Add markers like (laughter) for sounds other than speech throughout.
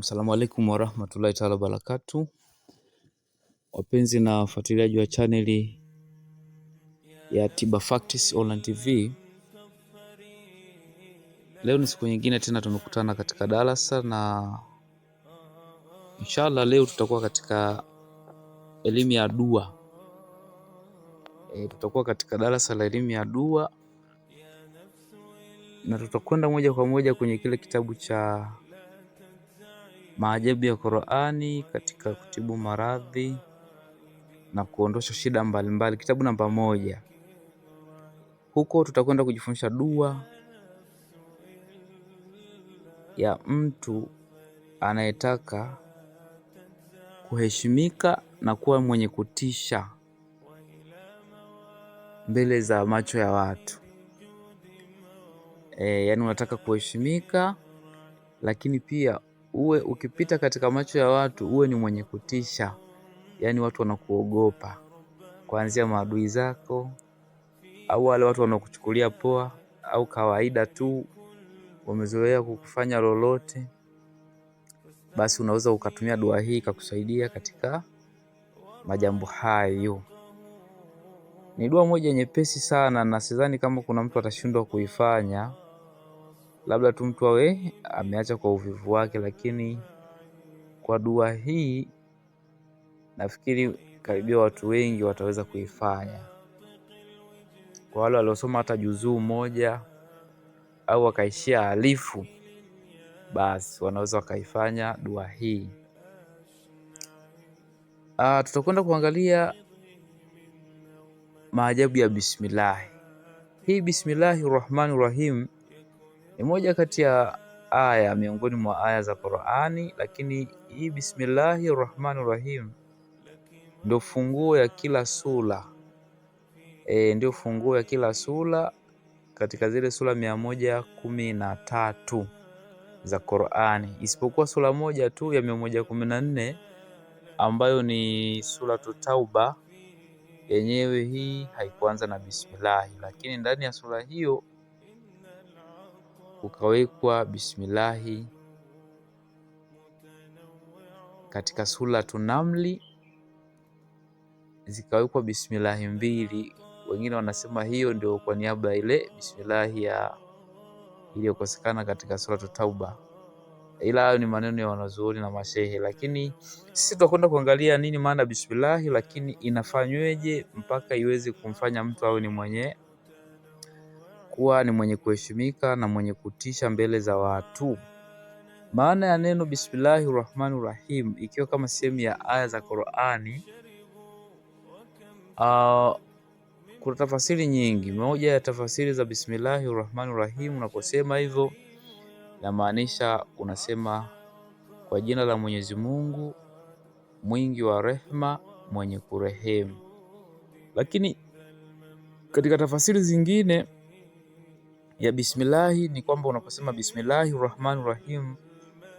Assalamu alaikum warahmatullahi taala wabarakatu, wapenzi na wafuatiliaji wa chaneli ya Tiba Facts Online TV. Leo ni siku nyingine tena tumekutana katika darasa, na inshallah leo tutakuwa katika elimu ya dua e, tutakuwa katika darasa la elimu ya dua na tutakwenda moja kwa moja kwenye kile kitabu cha maajabu ya Qur'ani katika kutibu maradhi na kuondosha shida mbalimbali mbali. Kitabu namba moja. Huko tutakwenda kujifunza dua ya mtu anayetaka kuheshimika na kuwa mwenye kutisha mbele za macho ya watu. E, yaani unataka kuheshimika lakini pia uwe ukipita katika macho ya watu uwe ni mwenye kutisha, yaani watu wanakuogopa, kuanzia maadui zako au wale watu wanaokuchukulia poa au kawaida tu wamezoea kukufanya lolote, basi unaweza ukatumia dua hii ikakusaidia katika majambo hayo. Ni dua moja nyepesi sana, na sidhani kama kuna mtu atashindwa kuifanya labda tu mtu awe ameacha kwa uvivu wake, lakini kwa dua hii nafikiri karibia watu wengi wataweza kuifanya. Kwa wale waliosoma hata juzuu moja au wakaishia alifu, basi wanaweza wakaifanya dua hii. Ah, tutakwenda kuangalia maajabu ya bismillah hii. Bismillahi rahmani rahim ni moja kati ya aya miongoni mwa aya za Qur'ani, lakini hii bismillahi rahmani rahim ndio funguo ya kila sura e, ndio funguo ya kila sura katika zile sura mia moja kumi na tatu za Qur'ani, isipokuwa sura moja tu ya mia moja kumi na nne ambayo ni suratu Tauba. Yenyewe hii haikuanza na bismillahi, lakini ndani ya sura hiyo kukawekwa bismillahi katika Suratu Namli zikawekwa bismillahi mbili. Wengine wanasema hiyo ndio kwa niaba ile bismillahi ya iliyokosekana katika Suratu Tauba, ila hayo ni maneno ya wanazuoni na mashehe, lakini sisi tutakwenda kuangalia nini maana bismillahi, lakini inafanyweje mpaka iweze kumfanya mtu awe ni mwenye kuwa ni mwenye kuheshimika na mwenye kutisha mbele za watu. Maana ya neno bismillahi rahmani rahim ikiwa kama sehemu ya aya za Qurani uh, kuna tafasiri nyingi. Moja ya tafasiri za bismillahi rahmani rahim, unaposema hivyo inamaanisha unasema kwa jina la Mwenyezi Mungu mwingi wa rehma, mwenye kurehemu. Lakini katika tafasiri zingine ya bismillahi ni kwamba unaposema bismillahi rahmani rahim,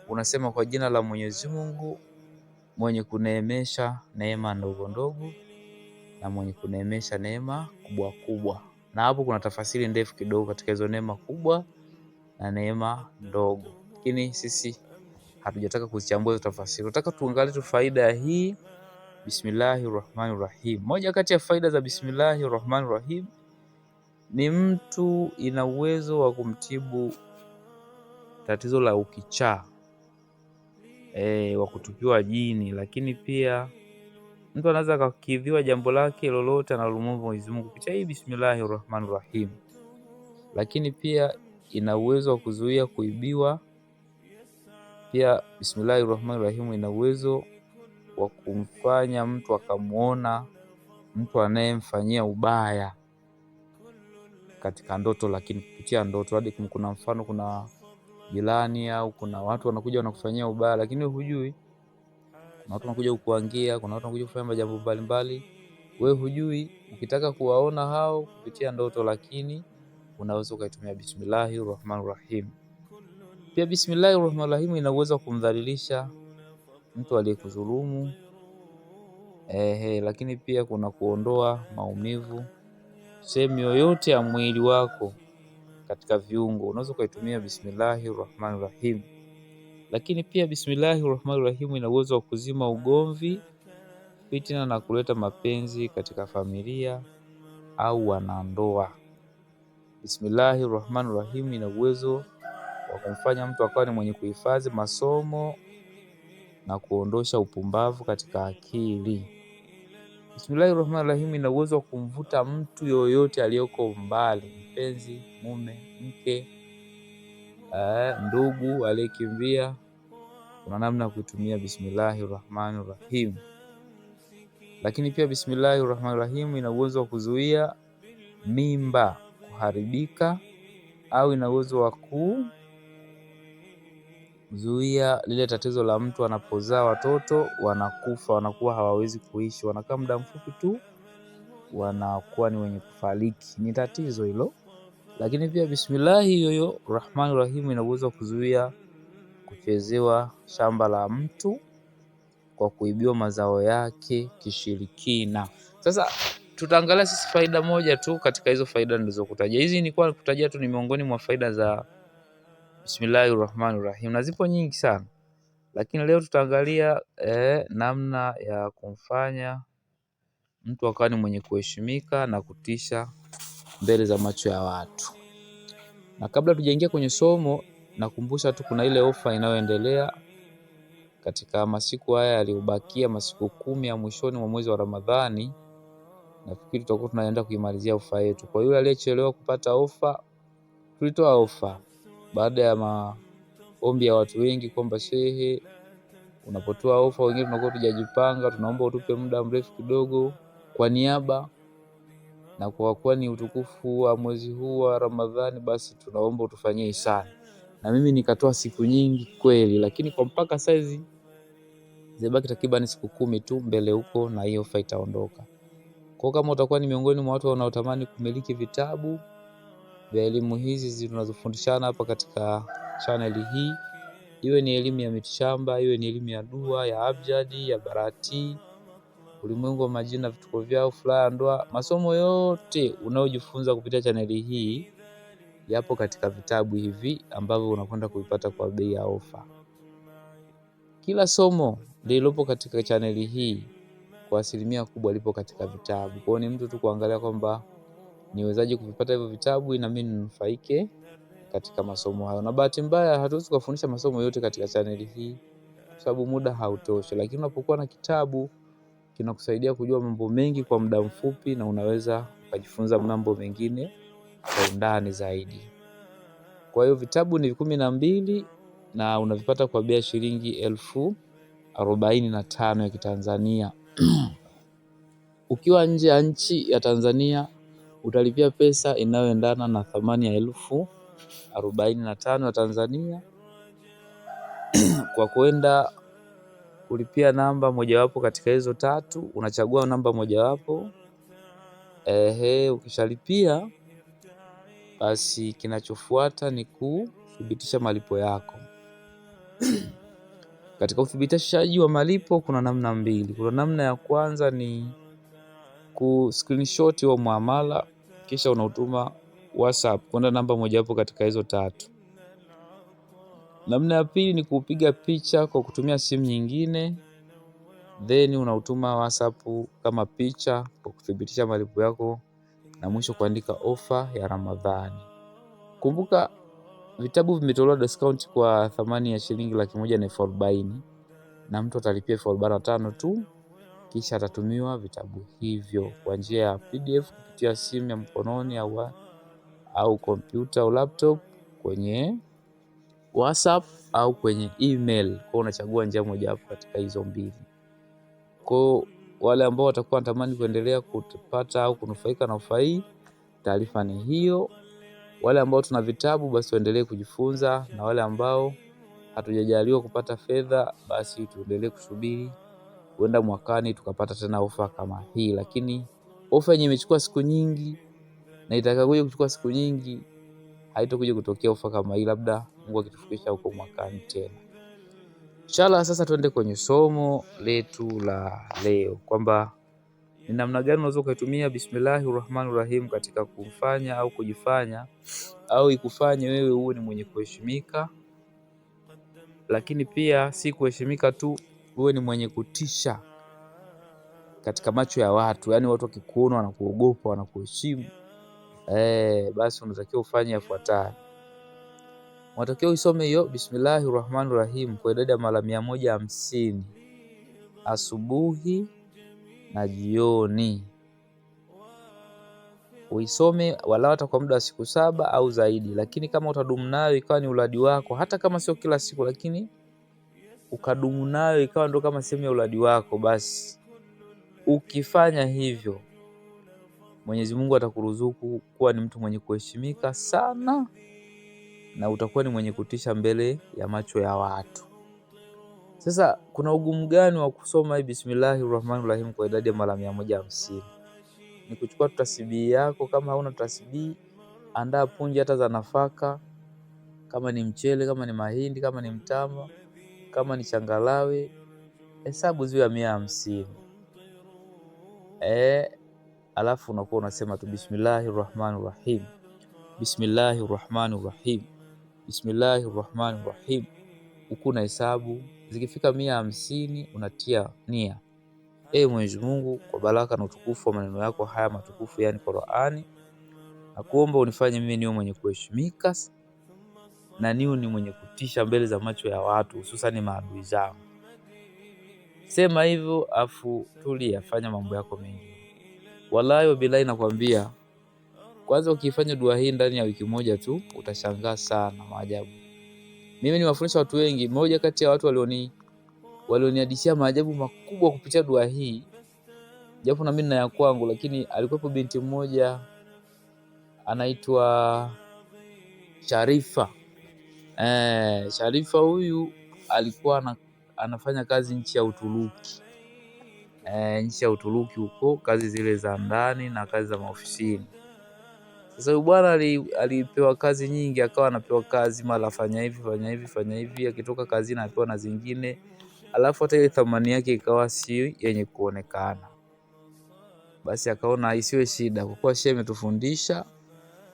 unasema kwa jina la Mwenyezi Mungu mwenye kuneemesha neema ndogo ndogo na mwenye kuneemesha neema kubwa kubwa. Na hapo kuna tafasiri ndefu kidogo katika hizo neema kubwa na neema ndogo, lakini sisi hatujataka kuzichambua hizo tafasiri. Nataka tuangalie tu faida ya hii bismillahi rahmani rahim. Moja kati ya faida za bismillahi rahmani rahim ni mtu ina uwezo wa kumtibu tatizo la ukichaa e, wa kutupiwa jini, lakini pia mtu anaweza akakidhiwa jambo lake lolote analomwomba Mwenyezi Mungu kupitia hii bismillahi rahmani Rahim. Lakini pia ina uwezo wa kuzuia kuibiwa. Pia bismillahi rahmani Rahim ina uwezo wa kumfanya mtu akamwona mtu anayemfanyia ubaya katika ndoto, lakini kupitia ndoto. Hadi kuna mfano, kuna jirani au kuna watu wanakuja wanakufanyia ubaya, lakini hujui. Kuna watu wanakuja kukuangia, kuna watu wanakuja kufanya majambo mbalimbali, we hujui. Ukitaka kuwaona hao kupitia ndoto, lakini unaweza ukaitumia bismillahi rahmani rahim. Pia bismillahi rahmani rahim ina uwezo wa kumdhalilisha mtu aliyekudhulumu. Ehe, lakini pia kuna kuondoa maumivu sehemu yoyote ya mwili wako katika viungo, unaweza ukaitumia bismillahi rahmani rahim. Lakini pia bismillahi rahmani rahim ina uwezo wa kuzima ugomvi, fitina na kuleta mapenzi katika familia au wanandoa. Bismillahi rahmani rahim ina uwezo wa kumfanya mtu akawa ni mwenye kuhifadhi masomo na kuondosha upumbavu katika akili. Bismillahi rahmani rahim ina uwezo wa kumvuta mtu yoyote aliyoko mbali, mpenzi, mume, mke, eh, ndugu aliyekimbia. Kuna namna ya kuitumia bismillahi rahmani rahim. Lakini pia bismillahi rahmani rahim ina uwezo wa kuzuia mimba kuharibika au ina uwezo wa ku kuzuia lile tatizo la mtu anapozaa watoto wanakufa, wanakuwa hawawezi kuishi, wanakaa muda mfupi tu wanakuwa ni wenye kufariki. Ni tatizo hilo, lakini pia bismillahi hiyo rahmani rahimu ina uwezo wa kuzuia kuchezewa shamba la mtu kwa kuibiwa mazao yake kishirikina. Sasa tutaangalia sisi faida moja tu katika hizo faida nilizokutajia. Hizi nilikuwa kutajia tu ni miongoni mwa faida za Bismillahi rahmani rahim, na zipo nyingi sana lakini leo tutaangalia eh, namna ya kumfanya mtu akawa ni mwenye kuheshimika na kutisha mbele za macho ya watu. Na kabla tujaingia kwenye somo, nakumbusha tu kuna ile ofa inayoendelea katika masiku haya yaliyobakia, masiku kumi ya mwishoni mwa mwezi wa Ramadhani. Nafikiri tutakuwa tunaenda kuimalizia ofa yetu. Kwa yule aliyechelewa kupata ofa, tulitoa ofa baada ya maombi ya watu wengi kwamba shehe, unapotoa ofa, wengine tunakuwa tujajipanga, tunaomba utupe muda mrefu kidogo kwa niaba na kwa kuwa ni utukufu wa mwezi huu wa Ramadhani, basi tunaomba utufanyie sana. Na mimi nikatoa siku nyingi kweli, lakini kwa mpaka saizi zimebaki takriban siku kumi tu mbele huko, na hiyo ofa itaondoka. Kwa kama utakuwa ni miongoni mwa watu wanaotamani kumiliki vitabu vya elimu hizi zinazofundishana hapa katika chaneli hii, iwe ni elimu ya mitishamba, iwe ni elimu ya dua, ya abjadi, ya barati, ulimwengu wa majina, vituko vyao, furaha ya ndoa. Masomo yote unayojifunza kupitia chaneli hii yapo katika vitabu hivi ambavyo unakwenda kuipata kwa bei ya ofa. Kila somo lililopo katika chaneli hii kwa asilimia kubwa lipo katika vitabu. Kwa hiyo ni mtu tu kuangalia kwamba niwezaje kuvipata hivyo vitabu na mimi ninufaike katika masomo hayo. Na bahati mbaya hatuwezi kufundisha masomo yote katika chaneli hii kwa sababu muda hautoshi, lakini unapokuwa na kitabu kinakusaidia kujua mambo mengi kwa muda mfupi, na unaweza ukajifunza mambo mengine kwa undani zaidi. Kwa hiyo vitabu ni kumi na mbili na unavipata kwa bei ya shilingi elfu arobaini na tano ya Kitanzania. (clears throat) Ukiwa nje ya nchi ya Tanzania utalipia pesa inayoendana na thamani ya elfu arobaini na tano ya Tanzania (clears throat) kwa kuenda kulipia namba mojawapo katika hizo tatu, unachagua namba mojawapo. Ehe, ukishalipia basi kinachofuata ni kuthibitisha malipo yako. (clears throat) Katika uthibitishaji wa malipo kuna namna mbili. Kuna namna ya kwanza ni ku screenshot wa muamala kisha unautuma WhatsApp kwenda namba mojawapo katika hizo tatu. Namna ya pili ni kupiga picha kwa kutumia simu nyingine, then unautuma WhatsApp kama picha kwa kuthibitisha malipo yako, na mwisho kuandika ofa ya Ramadhani. Kumbuka vitabu vimetolewa discount kwa thamani ya shilingi laki moja na elfu arobaini na mtu atalipia elfu arobaini na tano tu. Kisha atatumiwa vitabu hivyo kwa njia ya PDF kupitia simu ya mkononi au, au kompyuta au laptop kwenye WhatsApp au kwenye email. Kwa unachagua njia mojawapo katika hizo mbili. Kwa wale ambao watakuwa wanatamani kuendelea kupata au kunufaika na ufai, taarifa ni hiyo. Wale ambao tuna vitabu basi tuendelee kujifunza, na wale ambao hatujajaliwa kupata fedha basi tuendelee kusubiri huenda mwakani tukapata tena ofa kama hii, lakini ofa yenye imechukua siku nyingi na itakayokuja kuchukua siku nyingi haitokuja kutokea ofa kama hii, labda Mungu akitufikisha huko mwakani tena. Inshallah, sasa tuende kwenye somo letu la leo kwamba ni namna gani unaweza ukaitumia bismillahir rahmani rahim katika kufanya au kujifanya au ikufanye wewe uwe ni mwenye kuheshimika, lakini pia si kuheshimika tu wewe ni mwenye kutisha katika macho ya watu, yaani watu wakikuona wanakuogopa, wanakuheshimu, eh, basi unatakiwa ufanye yafuatayo. Unatakiwa uisome hiyo bismillahi Rahmanir Rahim kwa idadi ya mara mia moja hamsini asubuhi na jioni. Uisome wala hata kwa muda wa siku saba au zaidi, lakini kama utadumu nayo ikawa ni uradi wako, hata kama sio kila siku, lakini ukadumu nayo ikawa ndo kama sehemu ya uradi wako, basi ukifanya hivyo Mwenyezi Mungu atakuruzuku kuwa ni mtu mwenye kuheshimika sana na utakuwa ni mwenye kutisha mbele ya macho ya watu. Sasa kuna ugumu gani wa kusoma hii bismillahi rahmani rahim kwa idadi ya mara mia moja hamsini? Ni kuchukua tasbihi yako. Kama hauna tasbihi, andaa punje hata za nafaka, kama ni mchele, kama ni mahindi, kama ni mtama, kama ni changalawe, hesabu ziwe ya mia hamsini. E, alafu unakuwa unasema tu bismillahi rahmani rahim, bismillahi rahmani rahim, bismillahi rahmani rahim, huku na hesabu zikifika mia hamsini unatia nia. E, Mwenyezi Mungu, kwa baraka na utukufu wa maneno yako haya matukufu, yani Qur'ani, nakuomba unifanye mimi niwe mwenye kuheshimika na Niu ni mwenye kutisha mbele za macho ya watu, hususani maadui zao. Sema hivyo afu tuli yafanya mambo yako mengi. Wallahi wabilahi, nakwambia kwanza, ukifanya dua hii ndani ya wiki moja tu utashangaa sana maajabu. Mimi niwafundisha watu wengi, mmoja kati ya watu walioni walionihadisia maajabu makubwa kupitia dua hii, japo na mimi na ya kwangu, lakini alikuwepo binti mmoja anaitwa Sharifa Eh, Sharifa huyu alikuwa na, anafanya kazi nchi ya Uturuki eh, nchi ya Uturuki huko, kazi zile za ndani na kazi za maofisini. Sasa huyu bwana alipewa kazi nyingi, akawa anapewa kazi mara fanya hivi fanya hivi fanya hivi, akitoka na apewa na zingine, alafu hata ile thamani yake ikawa si yenye kuonekana. Basi akaona isiwe shida, kwa kuwa shehe imetufundisha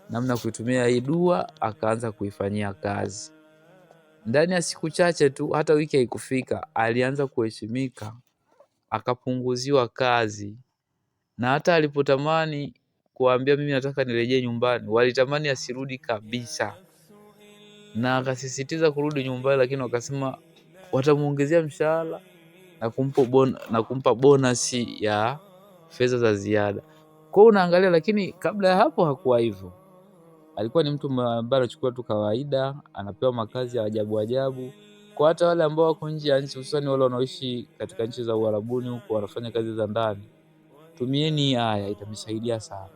namna kuitumia hii dua, akaanza kuifanyia kazi. Ndani ya siku chache tu, hata wiki haikufika, alianza kuheshimika, akapunguziwa kazi, na hata alipotamani kuambia mimi nataka nirejee nyumbani, walitamani asirudi kabisa, na akasisitiza kurudi nyumbani, lakini wakasema watamuongezea mshahara na kumpa na kumpa bonasi ya fedha za ziada. Kwa unaangalia, lakini kabla ya hapo hakuwa hivyo alikuwa ni mtu ambaye anachukua tu kawaida, anapewa makazi ya ajabu ajabu. Kwa hata wale ambao wako nje ya nchi, hususani wale wanaoishi katika nchi za Uarabuni huko wanafanya kazi za ndani, tumieni haya, itamsaidia sana.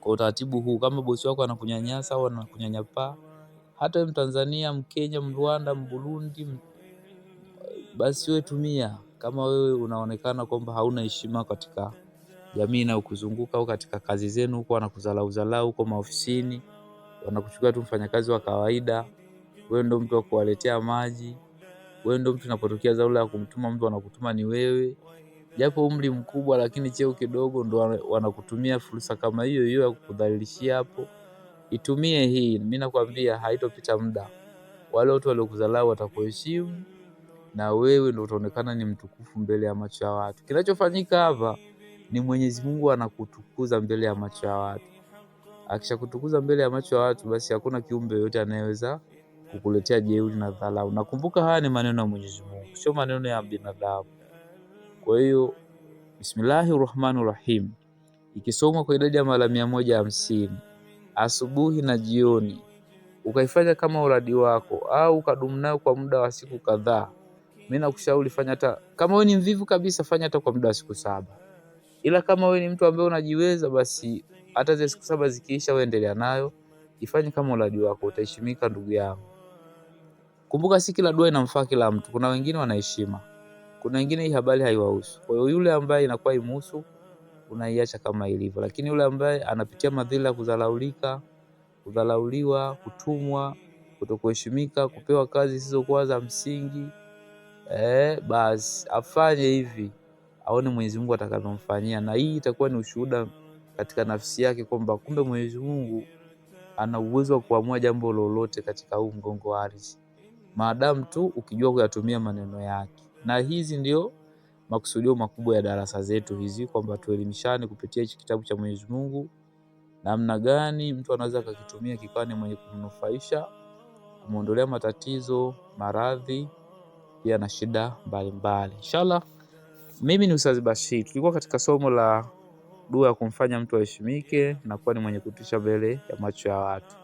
Kwa utaratibu huu, kama bosi wako anakunyanyasa au anakunyanyapaa, hata wewe Mtanzania, Mkenya, Mrwanda, Mburundi, basi wewe tumia, kama wewe unaonekana kwamba hauna heshima katika jamii inayokuzunguka au katika kazi zenu huko wanakuzalauzalau huko maofisini, wanakuchukua tu mfanyakazi wa kawaida. Wewe ndio mtu wa kuwaletea maji, wewe ndio mtu unapotokea zaula ya kumtuma mtu, anakutuma ni wewe, japo umri mkubwa, lakini cheo kidogo, ndo wanakutumia fursa kama hiyo hiyo ya kukudhalilishia hapo. Itumie hii, mimi nakwambia, haitopita muda, wale watu waliokuzalau watakuheshimu na wewe ndo utaonekana ni mtukufu mbele ya macho ya watu. Kinachofanyika hapa ni Mwenyezi Mungu anakutukuza mbele ya macho ya watu. Akishakutukuza mbele ya macho ya watu, basi hakuna kiumbe yoyote anayeweza kukuletea jeuri na dhalau. Nakumbuka haya ni maneno ya Mwenyezi Mungu, sio maneno ya binadamu. Kwa hiyo Bismillahi Rahmani Rahim ikisomwa kwa idadi ya mara mia moja hamsini asubuhi na jioni, ukaifanya kama uradi wako au ukadumu nayo kwa muda wa siku kadhaa, mimi nakushauri fanya, hata kama wewe ni mvivu kabisa, fanya hata kwa muda wa siku saba. Ila kama wewe ni mtu ambaye unajiweza, basi hata zile siku saba zikiisha, wewe endelea nayo, ifanye kama ulaji wako, utaheshimika ndugu yangu. Kumbuka, si kila dua inamfaa kila mtu. Kuna wengine wanaheshima, kuna wengine hii habari haiwahusu. Kwa hiyo yule ambaye inakuwa imhusu unaiacha kama ilivyo, lakini yule ambaye anapitia madhila ya kudhalaulika, kudhalauliwa, kutumwa, kutokuheshimika, kupewa kazi zisizokuwa za msingi, eh, basi afanye hivi aone Mwenyezi Mungu atakalomfanyia, na hii itakuwa ni ushuhuda katika nafsi yake kwamba kumbe Mwenyezi Mungu ana uwezo wa kuamua jambo lolote katika huu mgongo wa ardhi, maadamu tu ukijua kuyatumia maneno yake. Na hizi ndio makusudio makubwa ya darasa zetu hizi, kwamba tuelimishane kupitia hichi kitabu cha Mwenyezi Mungu, namna gani mtu anaweza akakitumia kikawa ni mwenye kumnufaisha, kumwondolea matatizo, maradhi pia na shida mbalimbali. Inshallah. Mimi ni Ustadh Bashir, tulikuwa katika somo la dua ya kumfanya mtu aheshimike na kuwa ni mwenye kutisha mbele ya macho ya watu,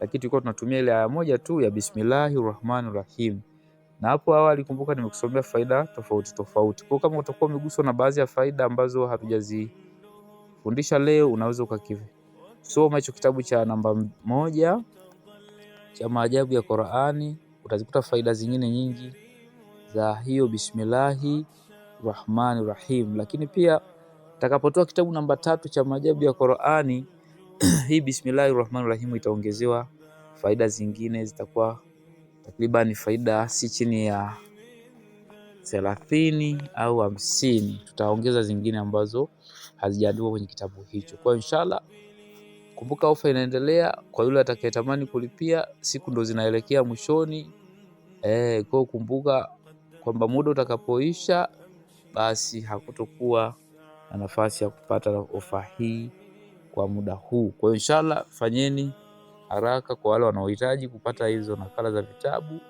lakini tulikuwa tunatumia ile aya moja tu ya Bismillahir Rahmanir Rahim, na hapo awali, kumbuka, nimekusomea faida tofauti tofauti. Kwa kama utakuwa umeguswa na baadhi ya faida ambazo hatujazifundisha leo, unaweza ukakisoma hicho kitabu cha namba moja cha maajabu ya Qur'ani, utazikuta faida zingine nyingi za hiyo bismillahi rahmani rahim. Lakini pia takapotoa kitabu namba tatu cha maajabu ya Qur'ani (clears throat) hii bismillahir rahmanir rahim itaongezewa faida zingine, zitakuwa takriban faida si chini ya thelathini au hamsini. Tutaongeza zingine ambazo hazijaandikwa kwenye kitabu hicho. Kwa inshallah, kumbuka ofa inaendelea kwa yule atakayetamani kulipia, siku ndo zinaelekea mwishoni. Eh, kwa kumbuka kwamba muda utakapoisha basi hakutokuwa na nafasi ya kupata ofa hii kwa muda huu. Kwa hiyo inshallah, fanyeni haraka kwa wale wanaohitaji kupata hizo nakala za vitabu,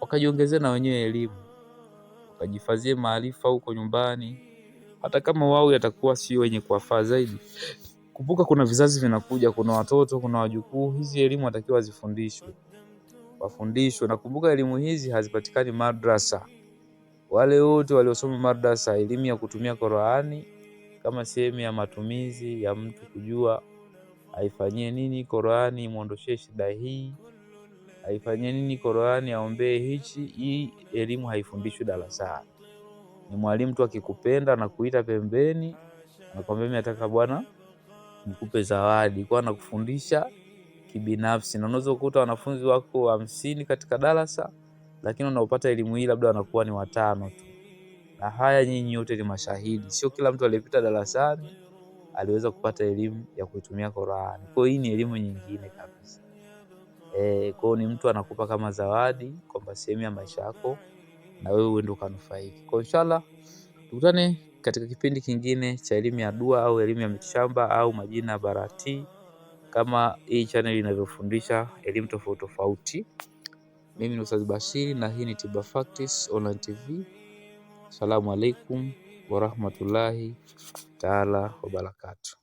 wakajiongezea na wenyewe elimu, wakajifadhie maarifa huko nyumbani, hata kama wao yatakuwa sio wenye kuwafaa zaidi. Kumbuka kuna vizazi vinakuja, kuna watoto, kuna wajukuu. Hizi elimu watakiwa zifundishwe, wafundishwe. Nakumbuka elimu hizi hazipatikani madrasa wale wote waliosoma madrasa elimu ya kutumia Qur'ani kama sehemu ya matumizi ya mtu kujua aifanyie nini Qur'ani, imwondoshee shida hii, aifanyie nini Qur'ani, aombee hichi. Hii elimu haifundishwi darasani, ni mwalimu tu akikupenda na kuita pembeni, nakwambia mimi nataka bwana nikupe zawadi, kwa kufundisha kibinafsi, na unaweza kukuta wanafunzi wako hamsini katika darasa lakini wanaopata elimu hii labda wanakuwa ni watano tu, na haya nyinyi nyote ni mashahidi. Sio kila mtu aliyepita darasani aliweza kupata elimu ya kuitumia Qur'ani. Kwa hiyo hii ni elimu nyingine kabisa. E, kwa hiyo ni mtu anakupa kama zawadi kwamba sehemu ya maisha yako na wewe uende ukanufaike. Kwa inshallah tukutane katika kipindi kingine cha elimu ya dua au elimu ya mitishamba au majina barati, kama hii channel inavyofundisha elimu tofauti tofauti. Mimi ni Ustadh Bashiri na hii ni Tiba Facts Online TV. Asalamu alaikum warahmatullahi taala wabarakatu.